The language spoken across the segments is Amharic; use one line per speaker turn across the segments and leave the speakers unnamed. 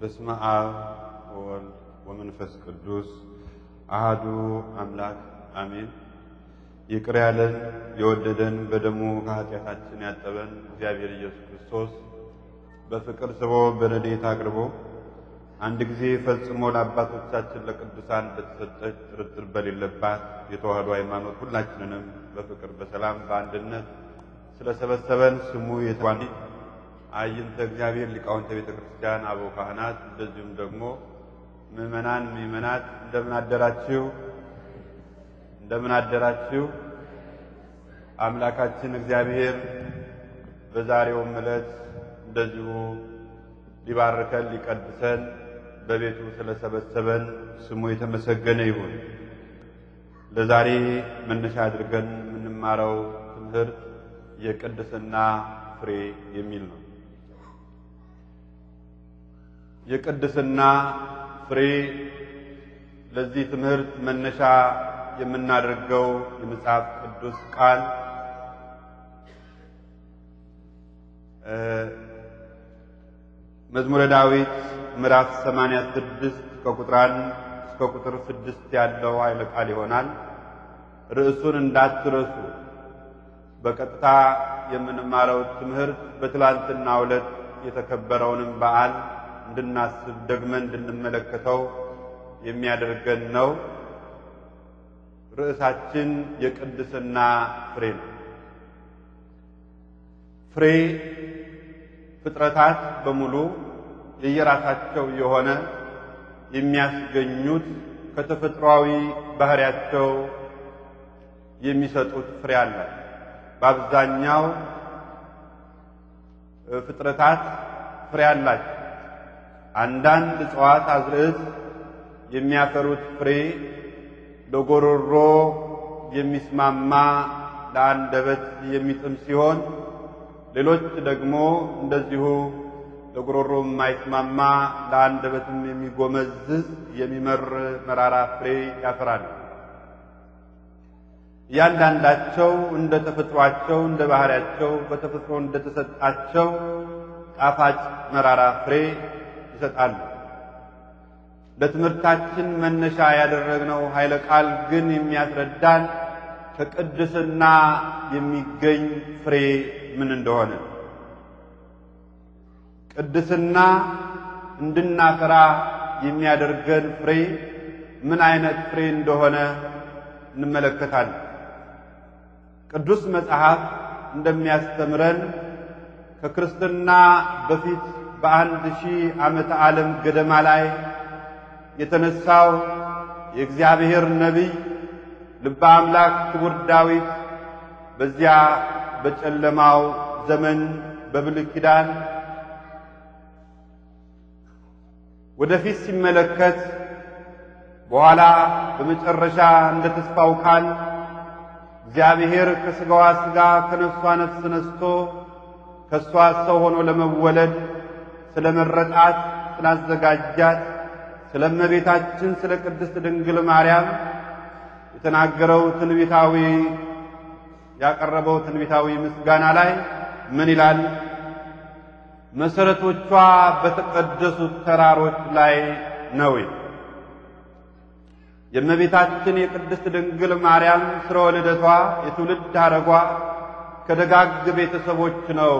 በስመ አብ ወወልድ ወመንፈስ ቅዱስ አሃዱ አምላክ አሜን። ይቅር ያለን የወደደን በደሙ ከኃጢአታችን ያጠበን እግዚአብሔር ኢየሱስ ክርስቶስ በፍቅር ስቦ በረድኤት አቅርቦ አንድ ጊዜ ፈጽሞ ለአባቶቻችን ለቅዱሳን በተሰጠች ጥርጥር በሌለባት የተዋህዶ ሃይማኖት ሁላችንንም በፍቅር በሰላም በአንድነት ስለሰበሰበን ስሙ የተባለ አይንተ እግዚአብሔር ሊቃውንተ ቤተ ክርስቲያን አበው ካህናት፣ እንደዚሁም ደግሞ ምእመናን ምእመናት እንደምን አደራችሁ? እንደምን አደራችሁ? አምላካችን እግዚአብሔር በዛሬውም ዕለት እንደዚሁ ሊባርከን ሊቀድሰን በቤቱ ስለሰበሰበን ስሙ የተመሰገነ ይሁን። ለዛሬ መነሻ አድርገን የምንማረው ትምህርት የቅድስና ፍሬ የሚል ነው። የቅድስና ፍሬ ለዚህ ትምህርት መነሻ የምናደርገው የመጽሐፍ ቅዱስ ቃል መዝሙረ ዳዊት ምዕራፍ 86 ከቁጥር 1 እስከ ቁጥር 6 ያለው ኃይለ ቃል ይሆናል። ርዕሱን እንዳትረሱ። በቀጥታ የምንማረው ትምህርት በትላንትና ዕለት የተከበረውንም በዓል እንድናስብ ደግመን እንድንመለከተው የሚያደርገን ነው። ርዕሳችን የቅድስና ፍሬ ነው። ፍሬ ፍጥረታት በሙሉ የየራሳቸው የሆነ የሚያስገኙት ከተፈጥሯዊ ባህሪያቸው የሚሰጡት ፍሬ አለ። በአብዛኛው ፍጥረታት ፍሬ አላቸው። አንዳንድ እጽዋት አዝርዕት የሚያፈሩት ፍሬ ለጎሮሮ የሚስማማ ለአንደበት የሚጥም ሲሆን ሌሎች ደግሞ እንደዚሁ ለጉሮሮ የማይስማማ ለአንደበትም የሚጎመዝዝ የሚመር መራራ ፍሬ ያፈራሉ። እያንዳንዳቸው እንደ ተፈጥሯቸው እንደ ባህሪያቸው በተፈጥሮ እንደተሰጣቸው ጣፋጭ መራራ ፍሬ ይሰጣሉ። ለትምህርታችን መነሻ ያደረግነው ኃይለ ቃል ግን የሚያስረዳን ከቅድስና የሚገኝ ፍሬ ምን እንደሆነ ቅድስና እንድናፈራ የሚያደርገን ፍሬ ምን አይነት ፍሬ እንደሆነ እንመለከታለን። ቅዱስ መጽሐፍ እንደሚያስተምረን ከክርስትና በፊት በአንድ ሺህ ዓመተ ዓለም ገደማ ላይ የተነሳው የእግዚአብሔር ነቢይ ልበ አምላክ ክቡር ዳዊት በዚያ በጨለማው ዘመን በብሉይ ኪዳን ወደፊት ሲመለከት በኋላ በመጨረሻ
እንደ ተስፋው ቃል እግዚአብሔር ከሥጋዋ ሥጋ ከነፍሷ ነፍስ ነስቶ ከእሷ ሰው ሆኖ ለመወለድ ስለ መረጣት፣
ስላዘጋጃት ስለ እመቤታችን ስለ ቅድስት ድንግል ማርያም የተናገረው ትንቢታዊ ያቀረበው ትንቢታዊ ምስጋና ላይ ምን ይላል? መሰረቶቿ በተቀደሱት ተራሮች ላይ ነው። የእመቤታችን የቅድስት ድንግል ማርያም ስርወ ወልደቷ የትውልድ አረጓ ከደጋግ ቤተሰቦች ነው።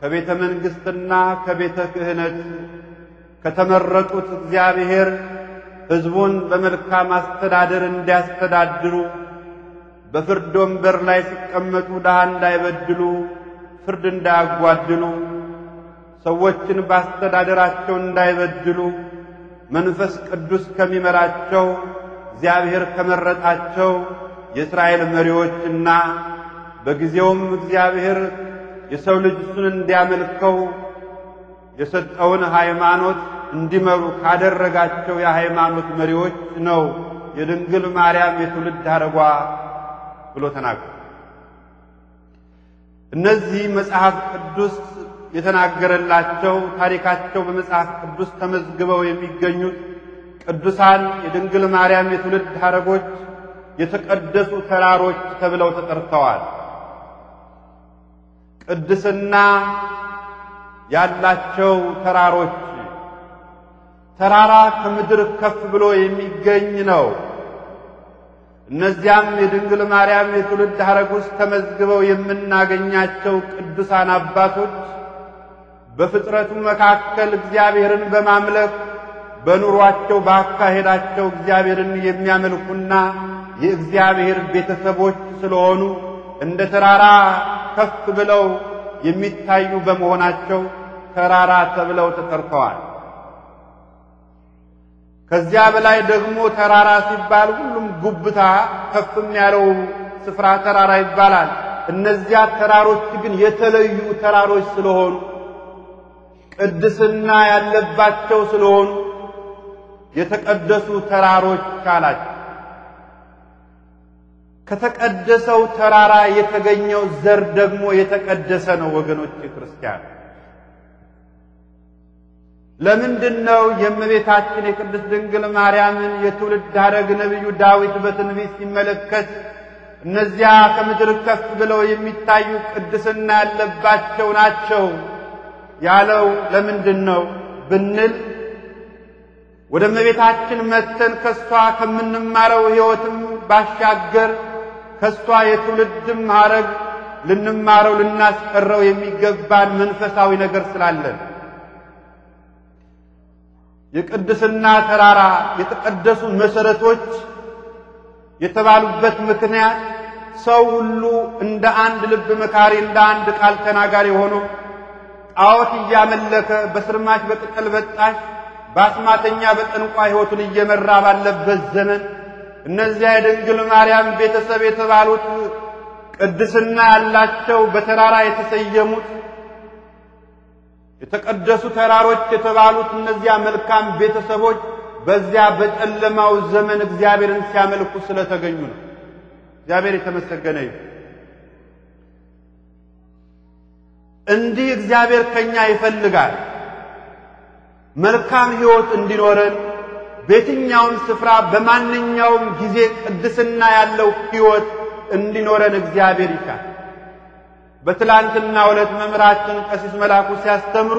ከቤተ መንግሥትና ከቤተ ክህነት
ከተመረጡት እግዚአብሔር ሕዝቡን በመልካም አስተዳደር እንዲያስተዳድሩ በፍርድ ወንበር ላይ ሲቀመጡ ድሃ እንዳይበድሉ፣ ፍርድ እንዳያጓድሉ፣ ሰዎችን በአስተዳደራቸው እንዳይበድሉ መንፈስ ቅዱስ ከሚመራቸው
እግዚአብሔር ከመረጣቸው የእስራኤል መሪዎችና በጊዜውም እግዚአብሔር የሰው ልጅ እሱን እንዲያመልከው የሰጠውን
ሃይማኖት እንዲመሩ ካደረጋቸው የሃይማኖት መሪዎች ነው የድንግል ማርያም የትውልድ ሐረጓ ብሎ ተናግሯል። እነዚህ መጽሐፍ ቅዱስ የተናገረላቸው ታሪካቸው በመጽሐፍ ቅዱስ ተመዝግበው የሚገኙት ቅዱሳን የድንግል ማርያም የትውልድ ሐረጎች የተቀደሱ ተራሮች ተብለው ተጠርተዋል። ቅድስና ያላቸው ተራሮች ተራራ ከምድር ከፍ ብሎ የሚገኝ ነው። እነዚያም የድንግል ማርያም የትውልድ ሐረግ ውስጥ ተመዝግበው የምናገኛቸው ቅዱሳን አባቶች በፍጥረቱ መካከል እግዚአብሔርን በማምለክ በኑሯቸው ባካሄዳቸው እግዚአብሔርን የሚያመልኩና የእግዚአብሔር ቤተሰቦች ስለሆኑ እንደ ተራራ ከፍ ብለው የሚታዩ በመሆናቸው ተራራ ተብለው ተጠርተዋል። ከዚያ በላይ ደግሞ ተራራ ሲባል ሁሉም ጉብታ ከፍም ያለው ስፍራ ተራራ ይባላል። እነዚያ ተራሮች ግን የተለዩ ተራሮች ስለሆኑ ቅድስና ያለባቸው ስለሆኑ የተቀደሱ ተራሮች አላቸው። ከተቀደሰው ተራራ የተገኘው ዘር ደግሞ የተቀደሰ ነው። ወገኖች ክርስቲያን ለምንድን ነው የእመቤታችን የቅድስት ድንግል ማርያምን የትውልድ ሐረግ ነቢዩ ዳዊት በትንቢት ሲመለከት እነዚያ ከምድር ከፍ ብለው የሚታዩ ቅድስና ያለባቸው ናቸው ያለው ለምንድን ነው ብንል ወደ እመቤታችን መተን ከሷ ከምንማረው ሕይወትም ባሻገር ከእሷ የትውልድም ሐረግ ልንማረው ልናስቀረው የሚገባን መንፈሳዊ ነገር ስላለን የቅድስና ተራራ የተቀደሱ መሠረቶች የተባሉበት ምክንያት ሰው ሁሉ እንደ አንድ ልብ መካሪ እንደ አንድ ቃል ተናጋሪ ሆኖ ጣዖት እያመለከ በስርማሽ በቅጠል በጣሽ በአስማተኛ በጠንቋ ሕይወቱን እየመራ ባለበት ዘመን እነዚያ የድንግል ማርያም ቤተሰብ የተባሉት ቅድስና ያላቸው በተራራ የተሰየሙት የተቀደሱ ተራሮች የተባሉት እነዚያ መልካም ቤተሰቦች በዚያ በጨለማው ዘመን እግዚአብሔርን ሲያመልኩ ስለተገኙ ነው። እግዚአብሔር የተመሰገነ ይሁን። እንዲህ እግዚአብሔር ከኛ ይፈልጋል። መልካም ሕይወት እንዲኖረን በየትኛውም ስፍራ በማንኛውም ጊዜ ቅድስና ያለው ሕይወት እንዲኖረን እግዚአብሔር ይካ በትላንትና ዕለት መምህራችን ቀሲስ መላኩ ሲያስተምሩ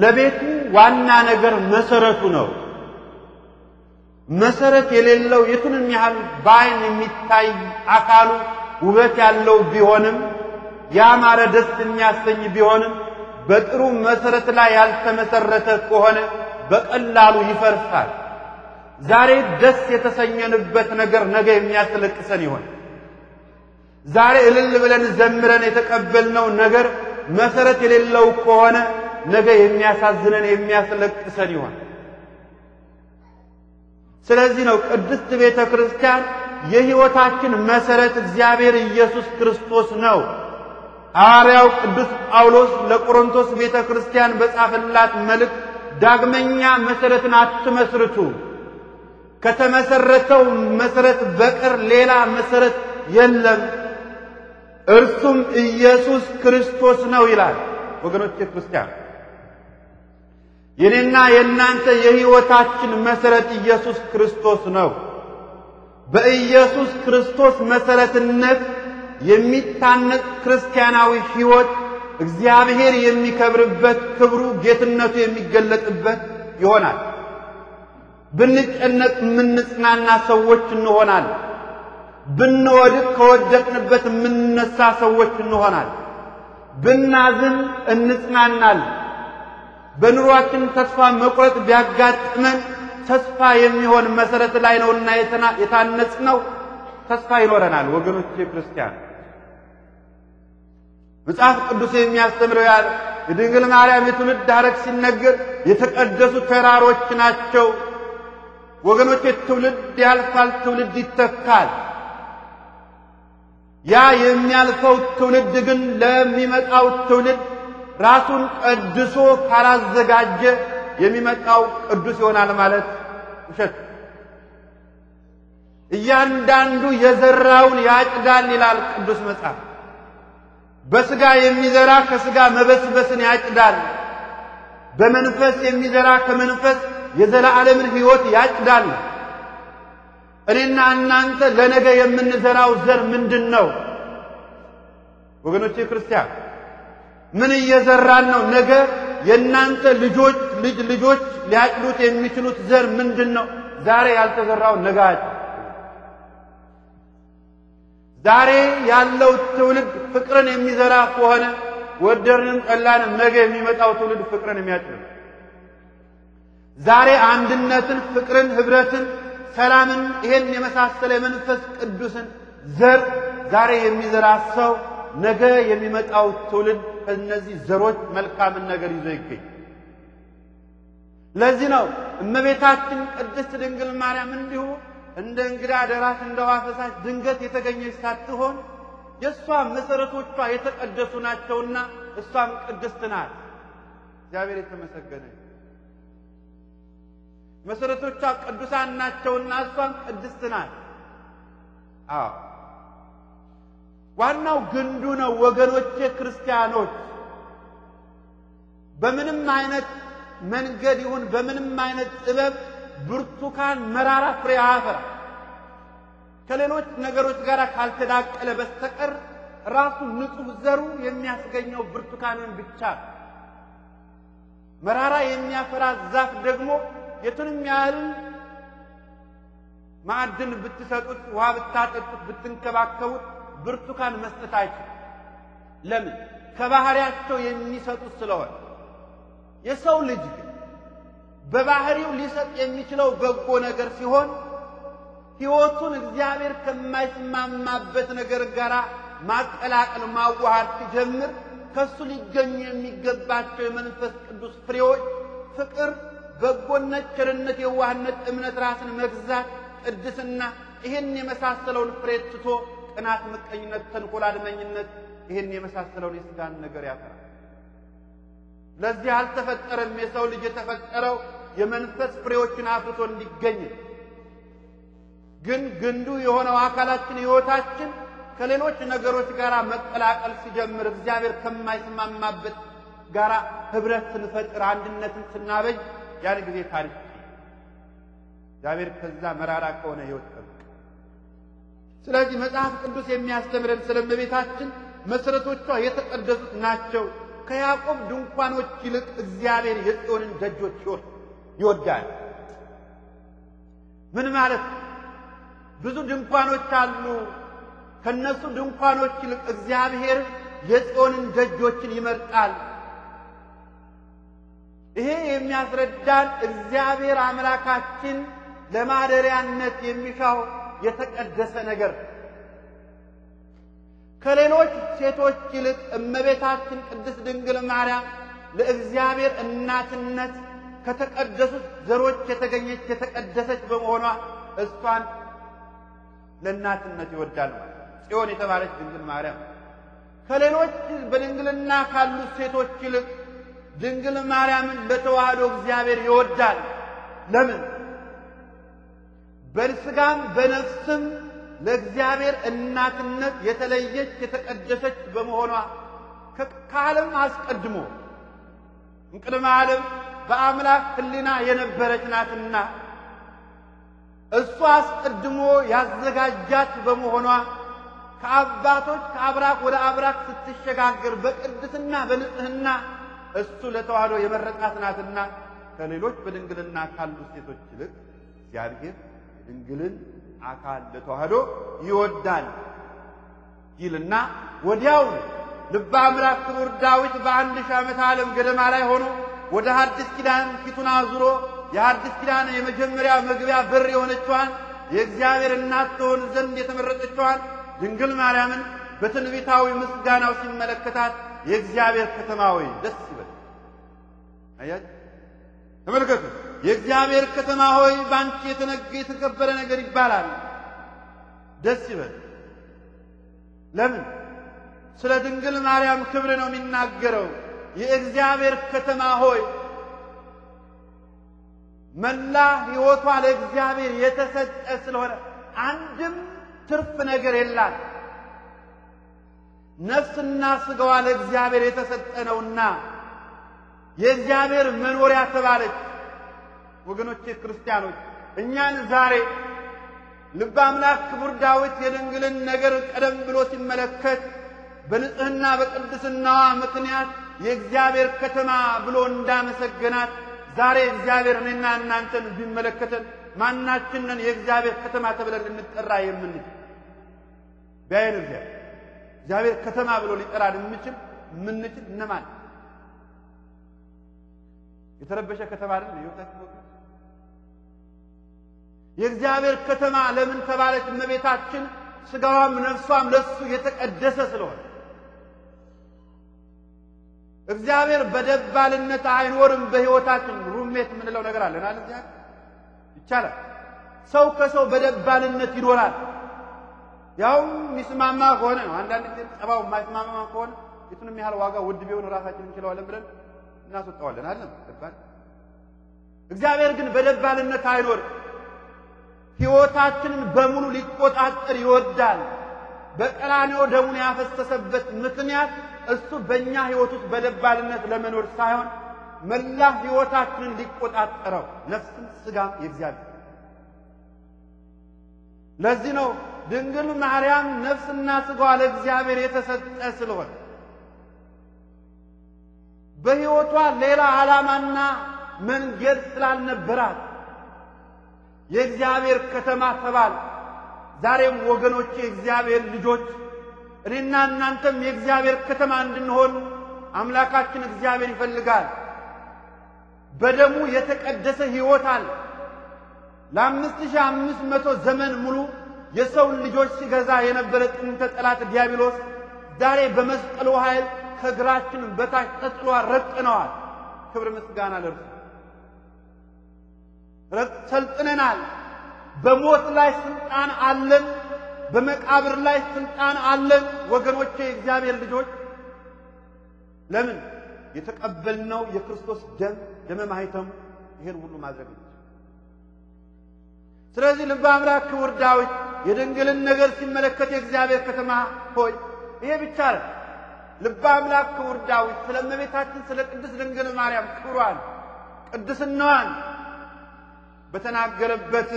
ለቤቱ ዋና ነገር መሰረቱ ነው። መሰረት የሌለው የቱንም ያህል በአይን የሚታይ አካሉ ውበት ያለው ቢሆንም ያማረ ደስ የሚያሰኝ ቢሆንም በጥሩ መሰረት ላይ ያልተመሰረተ ከሆነ በቀላሉ ይፈርሳል። ዛሬ ደስ የተሰኘንበት ነገር ነገ የሚያስለቅሰን ይሆን? ዛሬ እልል ብለን ዘምረን የተቀበልነው ነገር መሰረት የሌለው ከሆነ ነገ የሚያሳዝነን የሚያስለቅሰን ይሆን? ስለዚህ ነው ቅድስት ቤተ ክርስቲያን የሕይወታችን መሰረት እግዚአብሔር ኢየሱስ ክርስቶስ ነው። ሐዋርያው ቅዱስ ጳውሎስ ለቆሮንቶስ ቤተ ክርስቲያን በጻፈላት መልእክት ዳግመኛ መሰረትን አትመስርቱ ከተመሰረተው መሰረት በቀር ሌላ መሰረት የለም፣ እርሱም ኢየሱስ ክርስቶስ ነው ይላል። ወገኖቼ ክርስቲያን፣ የኔና የእናንተ የህይወታችን መሰረት ኢየሱስ ክርስቶስ ነው። በኢየሱስ ክርስቶስ መሰረትነት የሚታነጽ ክርስቲያናዊ ህይወት እግዚአብሔር የሚከብርበት፣ ክብሩ ጌትነቱ የሚገለጥበት ይሆናል። ብንጨነቅ የምንጽናና ሰዎች እንሆናል። ብንወድቅ ከወደቅንበት የምንነሳ ሰዎች እንሆናል። ብናዝን እንጽናናል። በኑሯችን ተስፋ መቁረጥ ቢያጋጥመን ተስፋ የሚሆን መሰረት ላይ ነውና የታነጽነው ተስፋ ይኖረናል።
ወገኖቼ ክርስቲያን
መጽሐፍ ቅዱስ የሚያስተምረው የድንግል ማርያም የትውልድ ሐረግ ሲነገር የተቀደሱ ተራሮች ናቸው ወገኖቼ ትውልድ ያልፋል፣ ትውልድ ይተካል። ያ የሚያልፈው ትውልድ ግን ለሚመጣው ትውልድ ራሱን ቀድሶ ካላዘጋጀ የሚመጣው ቅዱስ ይሆናል ማለት ውሸት። እያንዳንዱ የዘራውን ያጭዳል ይላል ቅዱስ መጽሐፍ። በስጋ የሚዘራ ከስጋ መበስበስን ያጭዳል። በመንፈስ የሚዘራ ከመንፈስ የዘላለምን ሕይወት ያጭዳል። እኔና እናንተ ለነገ የምንዘራው ዘር ምንድን ነው? ወገኖቼ ክርስቲያን ምን እየዘራን ነው? ነገ የእናንተ ልጆች ልጅ ልጆች ሊያጭዱት የሚችሉት ዘር ምንድን ነው? ዛሬ ያልተዘራው ነገ አጭድ። ዛሬ ያለው ትውልድ ፍቅርን የሚዘራ ከሆነ ወደድንም ጠላንም ነገ የሚመጣው ትውልድ ፍቅርን የሚያጭር ነው። ዛሬ አንድነትን፣ ፍቅርን፣ ህብረትን፣ ሰላምን ይሄን የመሳሰለ የመንፈስ ቅዱስን ዘር ዛሬ የሚዘራ ሰው ነገ የሚመጣው ትውልድ ከእነዚህ ዘሮች መልካምን ነገር ይዞ ይገኝ። ለዚህ ነው እመቤታችን ቅድስት ድንግል ማርያም እንዲሁ እንደ እንግዳ ደራሽ እንደ ውሃ ፈሳሽ ድንገት የተገኘች ሳትሆን የእሷ መሠረቶቿ የተቀደሱ ናቸውና እሷም ቅድስት ናት። እግዚአብሔር የተመሰገነ መሠረቶቿ ቅዱሳን ናቸውና እሷም ቅድስት ናት። አዎ ዋናው ግንዱ ነው ወገኖቼ ክርስቲያኖች። በምንም አይነት መንገድ ይሁን በምንም አይነት ጥበብ ብርቱካን መራራ ፍሬ አያፈራም። ከሌሎች ነገሮች ጋር ካልተዳቀለ በስተቀር ራሱ ንጹህ ዘሩ የሚያስገኘው ብርቱካንን ብቻ መራራ የሚያፈራ ዛፍ ደግሞ የቱንም ያህል ማዕድን ብትሰጡት፣ ውሃ ብታጠጡት፣ ብትንከባከቡት ብርቱካን መስጠት አይችል። ለምን? ከባህሪያቸው የሚሰጡት ስለሆነ። የሰው ልጅ ግን በባህሪው ሊሰጥ የሚችለው በጎ ነገር ሲሆን ሕይወቱን እግዚአብሔር ከማይስማማበት ነገር ጋር ማቀላቀል ማዋሃድ ሲጀምር ከእሱ ሊገኙ የሚገባቸው የመንፈስ ቅዱስ ፍሬዎች ፍቅር፣ በጎነት፣ ቸርነት፣ የዋህነት፣ እምነት፣ ራስን መግዛት፣ ቅድስና ይህን የመሳሰለውን ፍሬ ትቶ ቅናት፣ ምቀኝነት፣ ተንኮል፣ አድመኝነት ይህን የመሳሰለውን የሥጋን ነገር ያፈራል። ለዚህ አልተፈጠረም። የሰው ልጅ የተፈጠረው የመንፈስ ፍሬዎችን አፍርቶ እንዲገኝ ግን ግንዱ የሆነው አካላችን ሕይወታችን ከሌሎች ነገሮች ጋር መቀላቀል ሲጀምር እግዚአብሔር ከማይስማማበት ጋር ህብረት ስንፈጥር አንድነትን ስናበጅ ያን ጊዜ ታሪክ እግዚአብሔር ከዛ መራራ ከሆነ ሕይወት ጠብቅ። ስለዚህ መጽሐፍ ቅዱስ የሚያስተምረን ስለ እመቤታችን መሠረቶቿ የተቀደሱት ናቸው። ከያዕቆብ ድንኳኖች ይልቅ እግዚአብሔር የጽዮንን ደጆች ይወዳል። ምን ማለት ነው? ብዙ ድንኳኖች አሉ። ከነሱ ድንኳኖች ይልቅ እግዚአብሔር የጽዮንን ደጆችን ይመርጣል። ይሄ የሚያስረዳን እግዚአብሔር አምላካችን ለማደሪያነት የሚሻው የተቀደሰ ነገር ከሌሎች ሴቶች ይልቅ እመቤታችን ቅድስት ድንግል ማርያም ለእግዚአብሔር እናትነት ከተቀደሱት ዘሮች የተገኘች የተቀደሰች በመሆኗ እሷን ለእናትነት ይወዳል ማለት ጽዮን የተባለች ድንግል ማርያም ከሌሎች በድንግልና ካሉት ሴቶች ይልቅ ድንግል ማርያምን በተዋህዶ እግዚአብሔር ይወዳል። ለምን? በስጋም በነፍስም ለእግዚአብሔር እናትነት የተለየች የተቀደሰች በመሆኗ ከዓለም አስቀድሞ እንቅድመ ዓለም በአምላክ ሕሊና የነበረች ናትና እሱ አስቀድሞ ያዘጋጃት በመሆኗ ከአባቶች ከአብራክ ወደ አብራክ ስትሸጋገር በቅድስና በንጽህና እሱ ለተዋህዶ የመረጣት ናትና ከሌሎች በድንግልና ካሉ ሴቶች ይልቅ እግዚአብሔር ድንግልን አካል ለተዋህዶ ይወዳል ይልና ወዲያው ልበ አምላክ ክቡር ዳዊት በአንድ ሺህ ዓመት ዓለም ገደማ ላይ ሆኖ ወደ ሐዲስ ኪዳን ፊቱን አዙሮ የአዲስ ኪዳን የመጀመሪያ መግቢያ በር የሆነችዋን የእግዚአብሔር እናት ትሆን ዘንድ የተመረጠችዋን ድንግል ማርያምን በትንቢታዊ ምስጋናው ሲመለከታት የእግዚአብሔር ከተማ ሆይ ደስ ይበል። አያችሁ፣ ተመልከቱ። የእግዚአብሔር ከተማ ሆይ የተነገ የተከበረ ነገር ይባላል። ደስ ይበል። ለምን? ስለ ድንግል ማርያም ክብር ነው የሚናገረው። የእግዚአብሔር ከተማ ሆይ መላ ሕይወቷ ለእግዚአብሔር የተሰጠ ስለሆነ አንድም ትርፍ ነገር የላት። ነፍስና ሥጋዋ ለእግዚአብሔር የተሰጠ ነውና የእግዚአብሔር መኖሪያ ተባለች። ወገኖቼ ክርስቲያኖች፣ እኛን ዛሬ ልበ አምላክ ክቡር ዳዊት የድንግልን ነገር ቀደም ብሎ ሲመለከት በንጽሕና በቅድስናዋ ምክንያት የእግዚአብሔር ከተማ ብሎ እንዳመሰገናት ዛሬ እግዚአብሔር እኔና እናንተን ቢመለከተን ማናችንን የእግዚአብሔር ከተማ ተብለን ልንጠራ የምንችል ቢያየን እግዚአብሔር እግዚአብሔር ከተማ ብሎ ሊጠራን የምችል የምንችል እነማን? የተረበሸ ከተማ አይደል የወጣችሁ የእግዚአብሔር ከተማ ለምን ተባለች? እመቤታችን ስጋዋም ነፍሷም ለሱ የተቀደሰ ስለሆነ እግዚአብሔር በደባልነት አይኖርም። በሕይወታችን ሩሜት የምንለው ነገር አለን አለ እግዚአብሔር ይቻላል። ሰው ከሰው በደባልነት ይኖራል። ያው የሚስማማ ከሆነ ነው። አንዳንድ ጊዜ ጠባው የማይስማማ ከሆነ የቱንም ያህል ዋጋ ውድ ቢሆን ራሳችን እንችለዋለን ብለን እናስወጣዋለን። አለም ደባል እግዚአብሔር ግን በደባልነት አይኖር። ሕይወታችንን በሙሉ ሊቆጣጠር ይወዳል። በቀራንዮ ደሙን ያፈሰሰበት ምክንያት እሱ በእኛ ሕይወት ውስጥ በደባልነት ለመኖር ሳይሆን መላ ሕይወታችንን ሊቆጣጠረው ነፍስም ሥጋም የእግዚአብሔር። ለዚህ ነው ድንግል ማርያም ነፍስና ሥጋዋ ለእግዚአብሔር የተሰጠ ስለሆነ በሕይወቷ ሌላ ዓላማና መንገድ ስላልነበራት የእግዚአብሔር ከተማ ተባል። ዛሬም ወገኖቼ የእግዚአብሔር ልጆች እኔና እናንተም የእግዚአብሔር ከተማ እንድንሆን አምላካችን እግዚአብሔር ይፈልጋል። በደሙ የተቀደሰ ሕይወት አለ። ለአምስት ሺህ አምስት መቶ ዘመን ሙሉ የሰውን ልጆች ሲገዛ የነበረ ጥንተ ጠላት ዲያብሎስ ዛሬ በመስቀሉ ኃይል ከእግራችን በታች ተጥሎ ረጥነዋል። ክብር ምስጋና ለእርሱ። ሰልጥነናል። በሞት ላይ ስልጣን አለን። በመቃብር ላይ ስልጣን አለን። ወገኖቼ የእግዚአብሔር ልጆች፣ ለምን የተቀበልነው የክርስቶስ ደም ደመ ማኅተሙ ይሄን ሁሉ ማድረግ ነው። ስለዚህ ልበ አምላክ ክቡር ዳዊት የድንግልን ነገር ሲመለከት የእግዚአብሔር ከተማ ሆይ ይሄ ብቻ ነው። ልበ አምላክ ክቡር ዳዊት ስለ እመቤታችን ስለ ቅድስት ድንግል ማርያም ክብሯን ቅድስናዋን በተናገረበት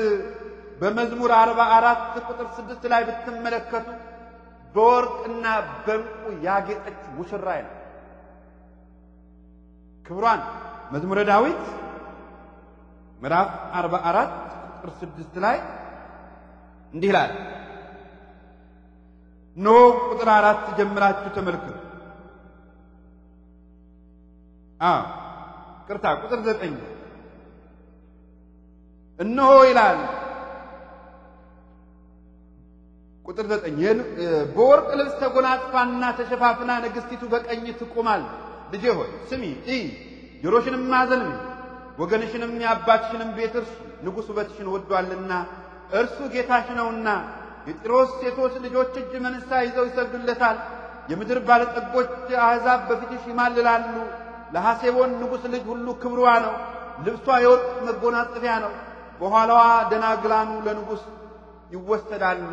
በመዝሙር አርባ አራት ቁጥር ስድስት ላይ ብትመለከቱ በወርቅና በዕንቁ ያጌጠች ሙሽራ ነው ክብሯን መዝሙረ ዳዊት ምዕራፍ 44 አራት ቁጥር ስድስት ላይ እንዲህ ይላል። ኖ ቁጥር አራት ጀምራችሁ ተመልከቱ። አዎ ቅርታ ቁጥር ዘጠኝ እነሆ ይላል ቁጥር ዘጠኝ በወርቅ ልብስ ተጎናጽፋና ተሸፋፍና ንግሥቲቱ በቀኝ ትቆማል። ልጄ ሆይ ስሚ፣ እይ፣ ጆሮሽንም ማዘንም ወገንሽንም የአባትሽንም ቤት እርሱ ንጉሥ ውበትሽን ወዷልና እርሱ ጌታሽ ነውና የጢሮስ ሴቶች ልጆች እጅ መንሳ ይዘው ይሰግዱለታል። የምድር ባለጠጎች አሕዛብ በፊትሽ ይማልላሉ። ለሐሴቦን ንጉሥ ልጅ ሁሉ ክብሯ ነው፣ ልብሷ የወርቅ መጎናጸፊያ ነው። በኋላዋ ደናግላኑ ለንጉሥ ይወሰዳሉ።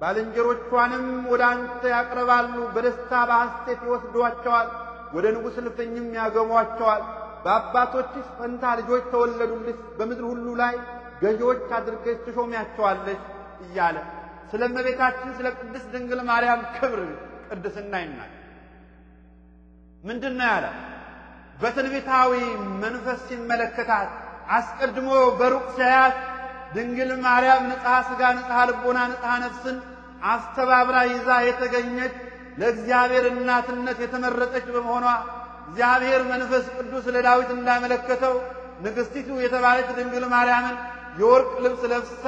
ባልንጀሮቿንም ወደ አንተ ያቀርባሉ፣ በደስታ በሐሴት ይወስዷቸዋል፣ ወደ ንጉሥ ልፍኝም ያገቧቸዋል። በአባቶችሽ ፈንታ ልጆች ተወለዱልሽ፣ በምድር ሁሉ ላይ ገዢዎች አድርገሽ ትሾሚያቸዋለሽ እያለ ስለ እመቤታችን ስለ ቅድስት ድንግል ማርያም ክብር ቅድስና ይናል። ምንድን ነው ያለ? በትንቢታዊ መንፈስ ሲመለከታት አስቀድሞ በሩቅ ሲያያት ድንግል ማርያም ንጽሐ ሥጋ ንጽሐ ልቦና ንጽሐ ነፍስን አስተባብራ ይዛ የተገኘች ለእግዚአብሔር እናትነት የተመረጠች በመሆኗ እግዚአብሔር መንፈስ ቅዱስ ለዳዊት እንዳመለከተው ንግሥቲቱ የተባለች ድንግል ማርያምን የወርቅ ልብስ ለብሳ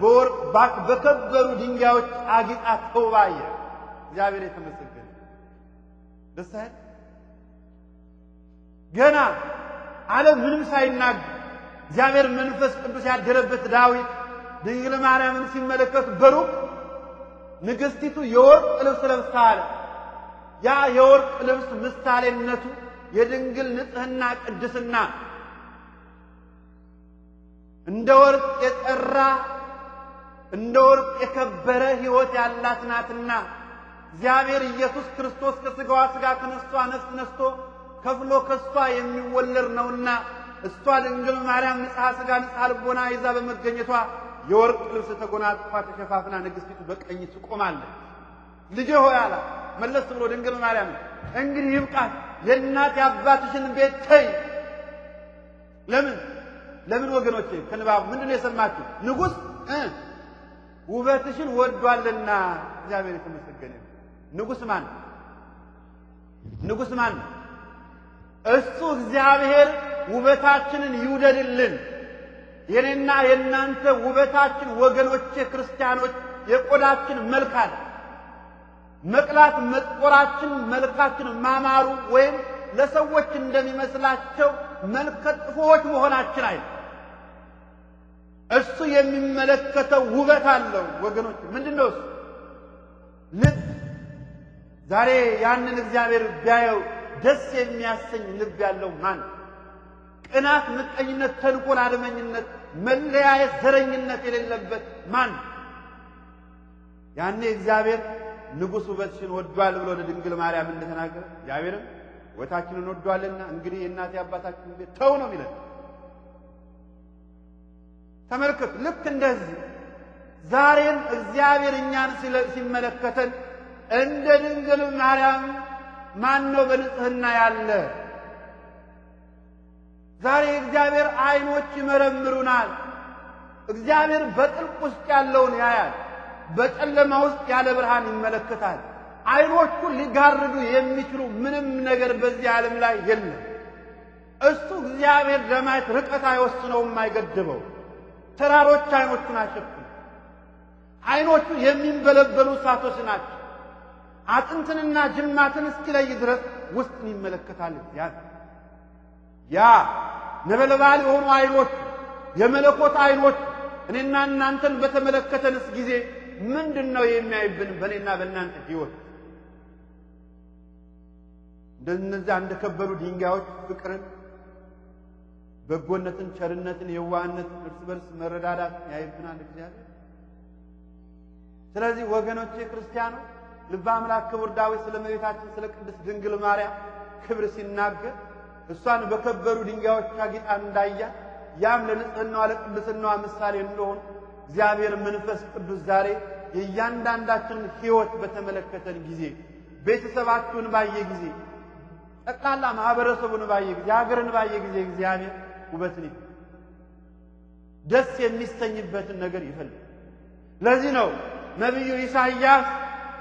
በወርቅ በከበሩ ድንጋዮች አጊጣ ተውባየ። እግዚአብሔር የተመሰገነ ደስ ገና ዓለም ምንም ሳይናገር እግዚአብሔር መንፈስ ቅዱስ ያደረበት ዳዊት ድንግል ማርያምን ሲመለከቱ በሩቅ ንግሥቲቱ የወርቅ ልብስ ለብሳ አለ። ያ የወርቅ ልብስ ምሳሌነቱ የድንግል ንጽህና ቅድስና እንደ ወርቅ የጠራ እንደ ወርቅ የከበረ ሕይወት ያላት ናትና እግዚአብሔር ኢየሱስ ክርስቶስ ከሥጋዋ ሥጋ ከነፍሷ ነፍስ ነስቶ ከፍሎ ከሷ የሚወለድ ነውና እሷ ድንግል ማርያም ንጽሐ ሥጋ ንጽሐ ልቦና ይዛ በመገኘቷ የወርቅ ልብስ ተጎናጽፋ ተሸፋፍና ንግሥቲቱ በቀኝ ትቆማለች። ልጄ ሆይ አላ መለስ ብሎ ድንግል ማርያም እንግዲህ ይብቃት፣ የእናት የአባትሽን ቤት ተይ። ለምን ለምን ወገኖቼ፣ ከንባቡ ምንድን ነው የሰማችሁ? ንጉሥ ውበትሽን ወዷልና እግዚአብሔር የተመሰገነ። ንጉሥ ማን ንጉሥ ማን? እሱ እግዚአብሔር ውበታችንን ይውደድልን። የኔና የእናንተ ውበታችን ወገኖቼ ክርስቲያኖች የቆዳችን መልካል መቅላት መጥቆራችን መልካችን ማማሩ ወይም ለሰዎች እንደሚመስላቸው መልከ ጥፎዎች መሆናችን አይ እሱ የሚመለከተው ውበት አለው። ወገኖች ምንድነው እሱ? ልብ ዛሬ ያንን እግዚአብሔር ቢያየው ደስ የሚያሰኝ ልብ ያለው ማን ቅናት፣ ምቀኝነት፣ ተንኮል፣ አድመኝነት፣ መለያየት፣ ዘረኝነት የሌለበት ማን ያኔ እግዚአብሔር ንጉሥ ውበትሽን ወዷል ብሎ ለድንግል ማርያም እንደተናገረ እግዚአብሔርም ውበታችንን ወዷልና እንግዲህ የእናቴ አባታችን ቤት ተው ነው የሚለን። ተመልከቱ። ልክ እንደዚህ ዛሬም እግዚአብሔር እኛን ሲመለከተን እንደ ድንግል ማርያም ማን ነው በንጽህና ያለ ዛሬ እግዚአብሔር አይኖች ይመረምሩናል። እግዚአብሔር በጥልቅ ውስጥ ያለውን ያያል። በጨለማ ውስጥ ያለ ብርሃን ይመለከታል። አይኖቹ ሊጋርዱ የሚችሉ ምንም ነገር በዚህ ዓለም ላይ የለም። እሱ እግዚአብሔር ለማየት ርቀት አይወስነውም፣ አይገድበው። ተራሮች አይኖቹን አይሸፍኑ። አይኖቹ የሚንበለበሉ እሳቶች ናቸው። አጥንትንና ጅማትን እስኪለይ ድረስ ውስጥን ይመለከታል እግዚአብሔር። ያ ነበልባል የሆኑ አይኖች የመለኮት አይኖች እኔና እናንተን በተመለከተንስ ጊዜ ምንድን ነው የሚያይብን? በእኔና በእናንተ ህይወት እንደነዚያ እንደከበሩ ድንጋዮች ፍቅርን፣ በጎነትን፣ ቸርነትን፣ የዋህነትን፣ እርስ በርስ መረዳዳት ያይብናል እግዚአብሔር። ስለዚህ ወገኖቼ ክርስቲያኖች ልበ አምላክ ክቡር ዳዊት ስለ እመቤታችን ስለ ቅድስት ድንግል ማርያም ክብር ሲናገር እሷን በከበሩ ድንጋዮች አጊጣ እንዳያ ያም ለንጽህናዋ ለቅድስናዋ ምሳሌ እንደሆኑ እግዚአብሔር መንፈስ ቅዱስ ዛሬ የእያንዳንዳችን ሕይወት በተመለከተን ጊዜ ቤተሰባችሁን ባየ ጊዜ ጠቅላላ ማህበረሰቡን ባየ ጊዜ ሀገርን ባየ ጊዜ እግዚአብሔር ውበትን ደስ የሚሰኝበትን ነገር ይፈልግ። ለዚህ ነው ነቢዩ ኢሳይያስ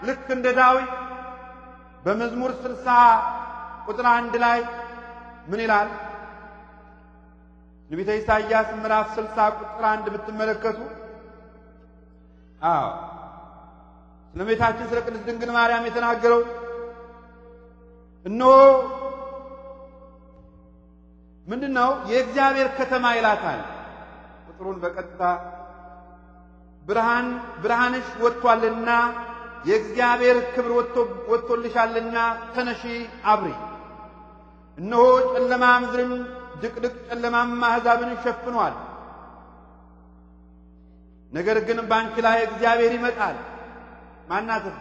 ልክ እንደ ዳዊት በመዝሙር ስልሳ ቁጥር አንድ ላይ ምን ይላል? ትንቢተ ኢሳይያስ ምዕራፍ 60 ቁጥር አንድ ብትመለከቱ አዎ ስለ እመቤታችን ስለ ቅድስት ድንግል ማርያም የተናገረው እነሆ ምንድን ነው የእግዚአብሔር ከተማ ይላታል። ቁጥሩን በቀጥታ ብርሃን ብርሃንሽ ወጥቷልና የእግዚአብሔር ክብር ወጥቶልሻልና ተነሺ አብሪ እነሆ ጨለማ ምድርን ድቅድቅ ጨለማማ አሕዛብን ሸፍኗል። ነገር ግን ባንቺ ላይ እግዚአብሔር ይመጣል። ማናተፋ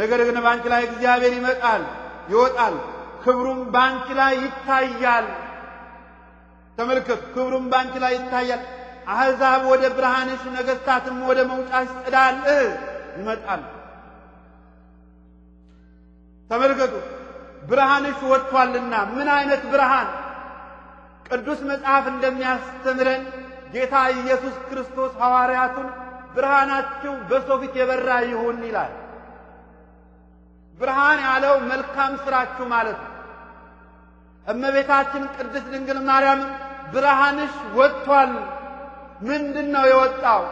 ነገር ግን ባንቺ ላይ እግዚአብሔር ይመጣል ይወጣል፣ ክብሩም ባንቺ ላይ ይታያል። ተመልከቱ፣ ክብሩም ባንቺ ላይ ይታያል። አሕዛብ ወደ ብርሃንሽ፣ ነገሥታትም ወደ መውጫሽ ጸዳል ይመጣል። ተመልከቱ ብርሃንሽ ወጥቷልና። ምን አይነት ብርሃን? ቅዱስ መጽሐፍ እንደሚያስተምረን ጌታ ኢየሱስ ክርስቶስ ሐዋርያቱን ብርሃናችሁ በሰው ፊት የበራ ይሁን ይላል። ብርሃን ያለው መልካም ሥራችሁ ማለት ነው። እመቤታችን ቅድስት ድንግል ማርያም ብርሃንሽ ወጥቷል። ምንድን ነው የወጣው?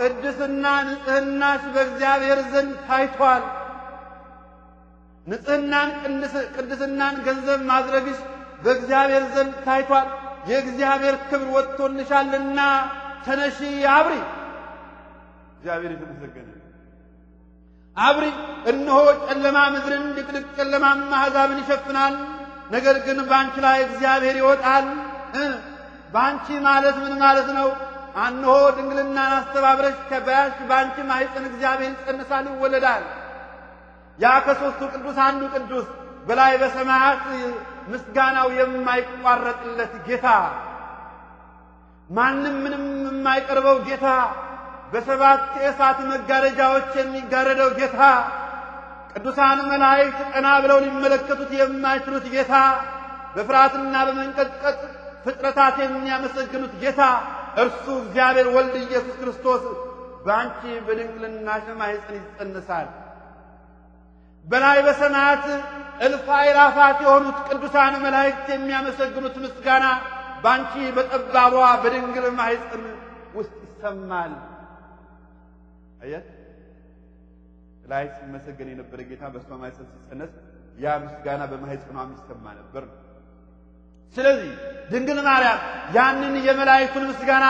ቅድስና ንጽሕናሽ በእግዚአብሔር ዘንድ ታይቷል። ንጽህናን ቅድስናን ገንዘብ ማድረግሽ በእግዚአብሔር ዘንድ ታይቷል፣ የእግዚአብሔር ክብር ወጥቶልሻልና ተነሺ አብሪ። እግዚአብሔር የተመሰገነ አብሪ። እነሆ ጨለማ ምድርን ድቅድቅ ጨለማም አሕዛብን ይሸፍናል፣ ነገር ግን በአንቺ ላይ እግዚአብሔር ይወጣል። በአንቺ ማለት ምን ማለት ነው? እነሆ ድንግልናን አስተባብረሽ ከበያሽ በአንቺ ማኅፀን እግዚአብሔር ይጸንሳል፣ ይወለዳል። ያ ከሦስቱ ቅዱስ አንዱ ቅዱስ በላይ በሰማያት ምስጋናው የማይቋረጥለት ጌታ፣ ማንም ምንም የማይቀርበው ጌታ፣ በሰባት የእሳት መጋረጃዎች የሚጋረደው ጌታ፣ ቅዱሳን መላእክት ቀና ብለው ሊመለከቱት የማይችሉት ጌታ፣ በፍርሃትና በመንቀጥቀጥ ፍጥረታት የሚያመሰግኑት ጌታ እርሱ እግዚአብሔር ወልድ ኢየሱስ ክርስቶስ በአንቺ በድንግልናሽ ማኅፀን ይጸነሳል። በላይ በሰማያት እልፍ አእላፋት የሆኑት ቅዱሳን መላእክት የሚያመሰግኑት ምስጋና ባንቺ በጠባቧ በድንግል ማኅፀን ውስጥ ይሰማል።
አየት ላይ ሲመሰገን የነበረ ጌታ በእሷ ማኅፀን ሲጸነስ ያ ምስጋና በማኅፀኗ የሚሰማ ነበር። ስለዚህ ድንግል
ማርያም ያንን የመላእክቱን ምስጋና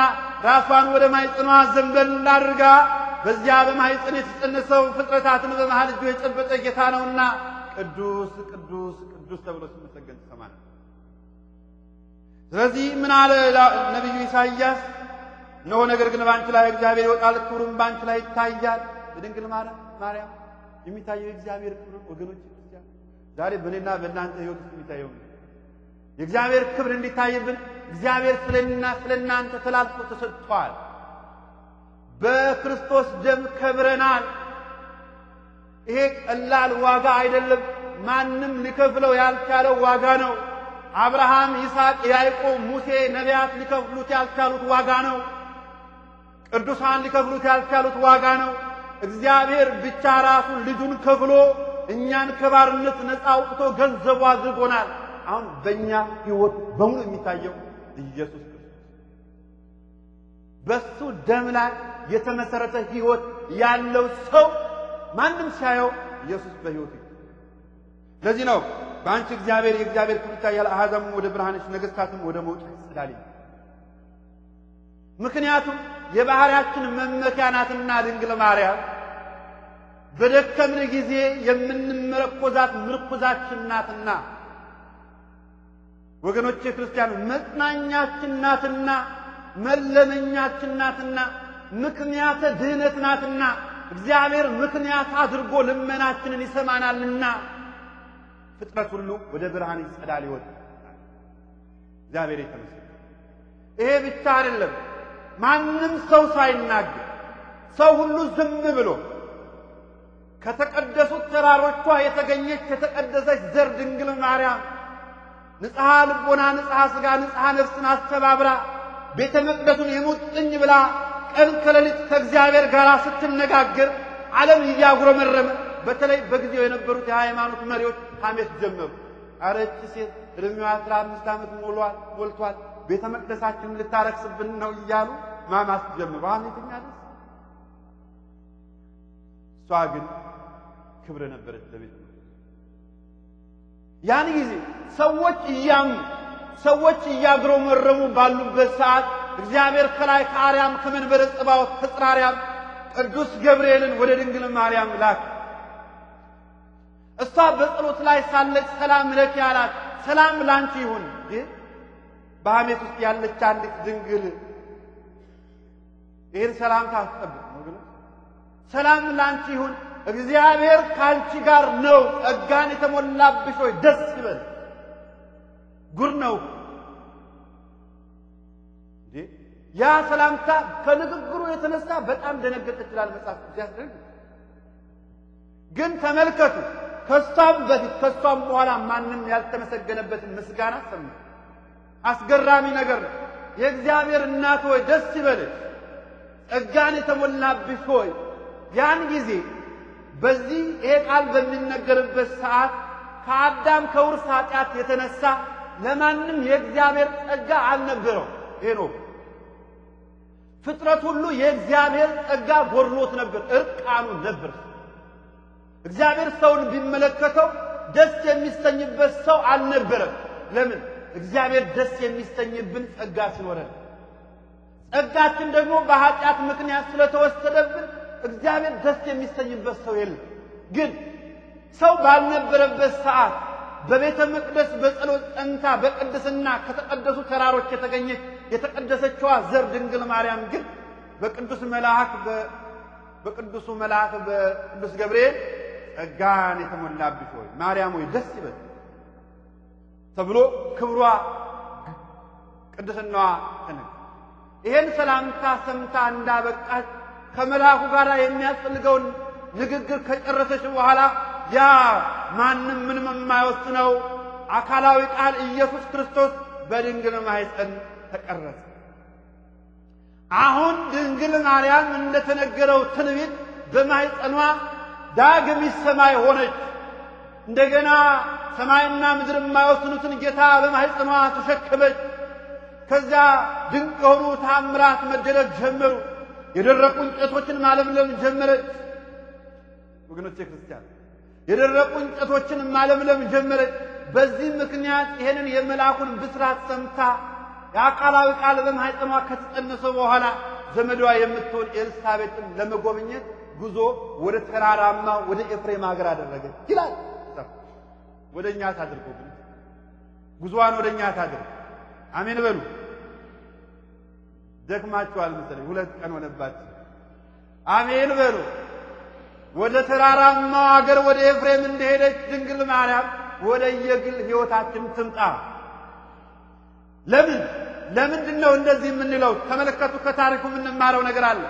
ራሷን ወደ ማኅፀኗ ዘንበል አድርጋ በዚያ በማኅፀን የተጸነሰው ፍጥረታትን በመሃል እጁ የጨበጠ ጌታ ነውና ቅዱስ ቅዱስ ቅዱስ ተብሎ ሲመሰገን ትሰማል። ስለዚህ ምን አለ ነቢዩ ኢሳይያስ? እነሆ ነገር ግን በአንቺ ላይ እግዚአብሔር ይወጣል፣ ክብሩም በአንቺ ላይ ይታያል። በድንግል ማርያም የሚታየው የእግዚአብሔር ክብር ወገኖች፣ ዛሬ በእኔና በእናንተ ሕይወት ውስጥ የሚታየው የእግዚአብሔር ክብር እንዲታይብን እግዚአብሔር ስለእና ስለእናንተ ተላልፎ ተሰጥቷል። በክርስቶስ ደም ከብረናል። ይሄ ቀላል ዋጋ አይደለም። ማንም ሊከፍለው ያልቻለው ዋጋ ነው። አብርሃም፣ ይስሐቅ፣ ያዕቆብ፣ ሙሴ፣ ነቢያት ሊከፍሉት ያልቻሉት ዋጋ ነው። ቅዱሳን ሊከፍሉት ያልቻሉት ዋጋ ነው። እግዚአብሔር ብቻ ራሱን ልጁን ከፍሎ እኛን ከባርነት ነፃ አውጥቶ ገንዘቡ አድርጎናል። አሁን በእኛ ሕይወት በሙሉ የሚታየው ኢየሱስ ክርስቶስ በሱ ደም ላይ የተመሰረተ ህይወት ያለው ሰው ማንም ሲያየው ኢየሱስ በህይወት ለዚህ ነው በአንቺ እግዚአብሔር የእግዚአብሔር ክብር ያለ አሕዛብም ወደ ብርሃንሽ፣ ነገሥታትም ወደ መውጫ ይጸዳል። ምክንያቱም የባህሪያችን መመኪያ ናትና ድንግል ማርያም በደከምን ጊዜ የምንመረኮዛት ምርኩዛችን ናትና፣ ወገኖቼ ክርስቲያኑ መጽናኛችን ናትና፣ መለመኛችን ናትና ምክንያተ ድህነት ናትና እግዚአብሔር ምክንያት አድርጎ ልመናችንን ይሰማናልና ፍጥረት ሁሉ ወደ ብርሃን ይጸዳል ይወጣ። እግዚአብሔር የተመስገን። ይሄ ብቻ አይደለም። ማንም ሰው ሳይናገር ሰው ሁሉ ዝም ብሎ ከተቀደሱት ተራሮቿ የተገኘች የተቀደሰች ዘር ድንግል ማርያም ንጽሐ ልቦና፣ ንጽሐ ሥጋ፣ ንጽሐ ነፍስን አስተባብራ ቤተ መቅደሱን የሙጥኝ ብላ ቀን ከሌሊት ከእግዚአብሔር ጋር ስትነጋገር ዓለም እያጉረመረመ በተለይ በጊዜው የነበሩት የሃይማኖት መሪዎች ሐሜት ጀመሩ። አረች ሴት ዕድሜዋ አስራ አምስት ዓመት ሞሏል ሞልቷል ቤተ መቅደሳችን ልታረክስብን ነው እያሉ ማማስ ጀመሩ። ሐሜተኛ ደስ እሷ ግን
ክብር ነበረች ለቤት
ያን ጊዜ ሰዎች እያሙ ሰዎች እያግሮመረሙ ባሉበት ሰዓት እግዚአብሔር ከላይ ከአርያም ከመንበረ ጸባዖት ከጽርሐ ቅዱስ ገብርኤልን ወደ ድንግል ማርያም ላክ። እሷ በጸሎት ላይ ሳለች ሰላም ለኪ አላት። ሰላም ላንቺ ይሁን። በሐሜት ውስጥ ያለች አንዲት ድንግል ይህን ሰላም ታስጠብቅ ነው። ሰላም ላንቺ ይሁን፣ እግዚአብሔር ካንቺ ጋር ነው፣ ጸጋን የተሞላብሽ ሆይ ደስ ይበል። ጉድ ነው። ያ ሰላምታ ከንግግሩ የተነሳ በጣም ደነገጠች ይችላል መጽሐፍ ቅዱስ። ግን ተመልከቱ፣ ከሷም በፊት ከሷም በኋላ ማንም ያልተመሰገነበትን ምስጋና ሰማ። አስገራሚ ነገር ነው። የእግዚአብሔር እናት ሆይ ደስ ይበልሽ፣ ጸጋን የተሞላብሽ ሆይ። ያን ጊዜ በዚህ ይሄ ቃል በሚነገርበት ሰዓት ከአዳም ከውርስ ኃጢአት የተነሳ ለማንም የእግዚአብሔር ጸጋ አልነገረው ሄኖክ ፍጥረት ሁሉ የእግዚአብሔር ጸጋ ጎድሎት ነበር፣ እርቃኑ ነበር። እግዚአብሔር ሰውን ቢመለከተው ደስ የሚሰኝበት ሰው አልነበረም። ለምን? እግዚአብሔር ደስ የሚሰኝብን ጸጋ ሲኖረን፣ ጸጋችን ደግሞ በኃጢአት ምክንያት ስለተወሰደብን እግዚአብሔር ደስ የሚሰኝበት ሰው የለም። ግን ሰው ባልነበረበት ሰዓት በቤተ መቅደስ በጸሎት ጸንታ በቅድስና ከተቀደሱ ተራሮች የተገኘች የተቀደሰችዋ ዘር ድንግል ማርያም ግን በቅዱስ መልአክ በቅዱሱ መልአክ በቅዱስ ገብርኤል ጸጋን የተሞላብሽ ሆይ ማርያም ሆይ ደስ ይበል ተብሎ ክብሯ ቅድስናዋ ተነገ ይሄን ሰላምታ ሰምታ እንዳበቃት ከመልአኩ ጋር የሚያስፈልገውን ንግግር ከጨረሰች በኋላ ያ ማንም ምንም የማይወስነው አካላዊ ቃል ኢየሱስ ክርስቶስ በድንግል ማኅፀን ተቀረጸ። አሁን ድንግል ማርያም እንደተነገረው ትንቢት በማኅፀኗ ዳግም ሰማይ ሆነች። እንደገና ሰማይና ምድር የማይወስኑትን ጌታ በማኅፀኗ ተሸከመች። ከዚያ ድንቅ የሆኑ ታምራት መደረግ ጀመሩ። የደረቁ እንጨቶችን ማለምለም ጀመረች።
ወገኖቼ ክርስቲያን
የደረቁ እንጨቶችን ማለምለም ጀመረች። በዚህ ምክንያት ይሄንን የመልአኩን ብስራት ሰምታ የአቃላዊ ቃል በማኅፀኗ ከተጸነሰ በኋላ ዘመዷ የምትሆን ኤልሳቤጥን ለመጎብኘት ጉዞ ወደ ተራራማ ወደ ኤፍሬም ሀገር አደረገ ይላል። ወደ እኛ ጉዞዋን ወደ እኛ ታድርግ። አሜን በሉ። ደክማችኋል መሰለኝ። ሁለት ቀን ሆነባችሁ። አሜን በሉ። ወደ ተራራማ ሀገር ወደ ኤፍሬም እንደሄደች ድንግል ማርያም ወደ የግል ህይወታችን ትምጣ። ለምን ለምንድን ነው እንደዚህ የምንለው? ተመለከቱ፣ ከታሪኩ የምንማረው ነገር አለ።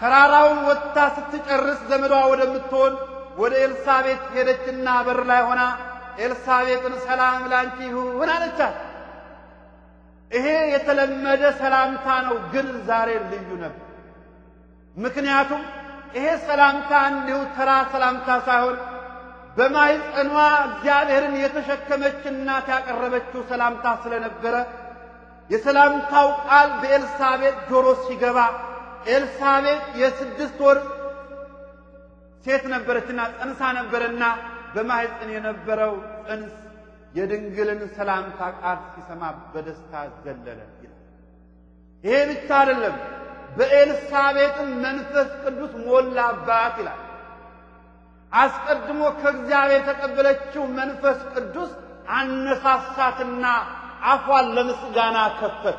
ተራራውን ወጥታ ስትጨርስ ዘመዷ ወደምትሆን ወደ ኤልሳቤት ሄደችና በር ላይ ሆና ኤልሳቤጥን ሰላም ላንቺ ይሁን አለቻት። ይሄ የተለመደ ሰላምታ ነው፣ ግን ዛሬ ልዩ ነበር። ምክንያቱም ይሄ ሰላምታ እንዲሁ ተራ ሰላምታ ሳይሆን በማይጠኗ እግዚአብሔርን የተሸከመች እናት ያቀረበችው ሰላምታ ስለነበረ የሰላምታው ቃል በኤልሳቤጥ ጆሮ ሲገባ ኤልሳቤጥ የስድስት ወር ሴት ነበረችና ጥንሳ ነበረና በማህፀን የነበረው ጽንስ የድንግልን ሰላምታ ቃል ሲሰማ በደስታ ዘለለ ይላል። ይሄ ብቻ አይደለም፣ በኤልሳቤጥም መንፈስ ቅዱስ ሞላባት ይላል። አስቀድሞ ከእግዚአብሔር የተቀበለችው መንፈስ ቅዱስ አነሳሳትና አፏን ለምስጋና ከፈተ።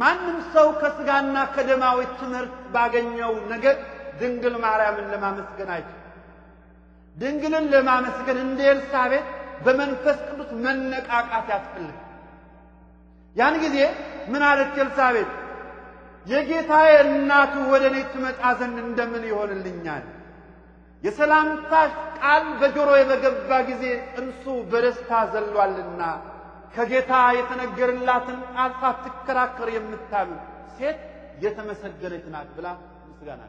ማንም ሰው ከስጋና ከደማዊ ትምህርት ባገኘው ነገር ድንግል ማርያምን ለማመስገን አይ። ድንግልን ለማመስገን እንደ ኤልሳቤጥ በመንፈስ ቅዱስ መነቃቃት ያስፈልጋል። ያን ጊዜ ምን አለች ኤልሳቤጥ? የጌታዬ እናቱ ወደ እኔ ትመጣ ዘንድ እንደምን ይሆንልኛል? የሰላምታ ቃል በጆሮ በገባ ጊዜ እንሱ በደስታ ዘሏልና ከጌታ የተነገረላትን ቃል ሳትከራከር የምታምን ሴት የተመሰገነች ናት ብላ ምስጋና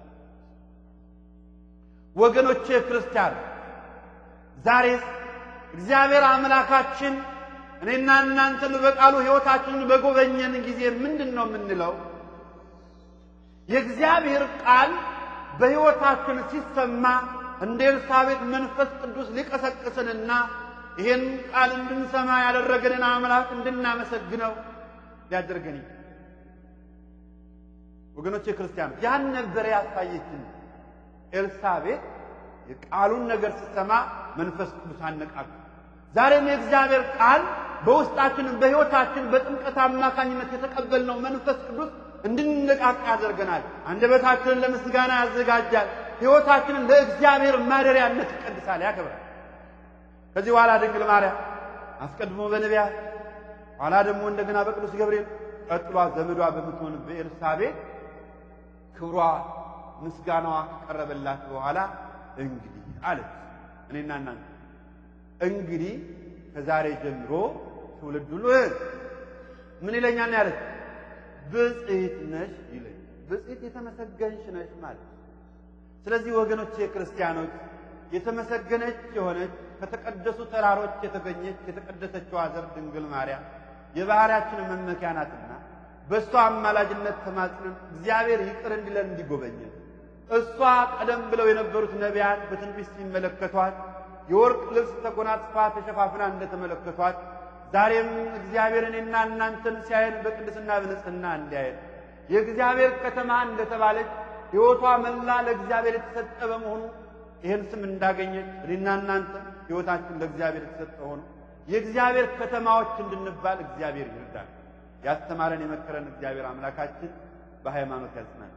ወገኖቼ ክርስቲያን ዛሬስ እግዚአብሔር አምላካችን እኔና እናንተን በቃሉ ሕይወታችንን በጎበኘን ጊዜ ምንድን ነው የምንለው? የእግዚአብሔር ቃል በሕይወታችን ሲሰማ እንደ ኤልሳቤጥ መንፈስ ቅዱስ ሊቀሰቅስንና ይህን ቃል እንድንሰማ ያደረገንን አምላክ እንድናመሰግነው ሊያደርገን ወገኖች የክርስቲያን ያን ነበረ ያሳየችን ኤልሳቤጥ የቃሉን ነገር ስትሰማ መንፈስ ቅዱስ አነቃቅ ዛሬም የእግዚአብሔር ቃል በውስጣችን በሕይወታችን በጥምቀት አማካኝነት የተቀበልነው መንፈስ ቅዱስ እንድንነቃቅ ያደርገናል። አንደበታችንን ለምስጋና ያዘጋጃል። ሕይወታችንን ለእግዚአብሔር ማደሪያነት ይቀድሳል፣ ያከብራል። ከዚህ በኋላ ድንግል ማርያም አስቀድሞ በነቢያት ኋላ ደግሞ እንደገና በቅዱስ ገብርኤል ቀጥሏ ዘመዷ በምትሆን በኤልሳቤት ክብሯ ምስጋናዋ ከቀረበላት በኋላ እንግዲህ አለች። እኔና እናንተ እንግዲህ ከዛሬ ጀምሮ ትውልድ ሁሉ ምን ይለኛል ያለች ብጽት ነሽ ይለኝ። ብጽት የተመሰገንሽ ነሽ ማለት ስለዚህ ወገኖች ክርስቲያኖች የተመሰገነች የሆነች ከተቀደሱ ተራሮች የተገኘች የተቀደሰችው አዘር ድንግል ማርያም የባህሪያችን መመኪያ ናትና በእሷ አማላጅነት ተማጽነን እግዚአብሔር ይቅር እንዲለን እንዲጎበኘን እሷ ቀደም ብለው የነበሩት ነቢያት በትንቢት ሲመለከቷት የወርቅ ልብስ ተጎናጽፋ ተሸፋፍና እንደተመለከቷት ዛሬም እግዚአብሔር እኔና እናንተን ሲያየን በቅድስና በንጽህና እንዲያየን የእግዚአብሔር ከተማ እንደተባለች ሕይወቷ መላ ለእግዚአብሔር የተሰጠ በመሆኑ ይህን ስም እንዳገኘች እኔና እናንተ ሕይወታችን ለእግዚአብሔር የተሰጠ ሆኖ የእግዚአብሔር ከተማዎች እንድንባል እግዚአብሔር ይርዳል። ያስተማረን የመከረን እግዚአብሔር አምላካችን በሃይማኖት ያጽናል።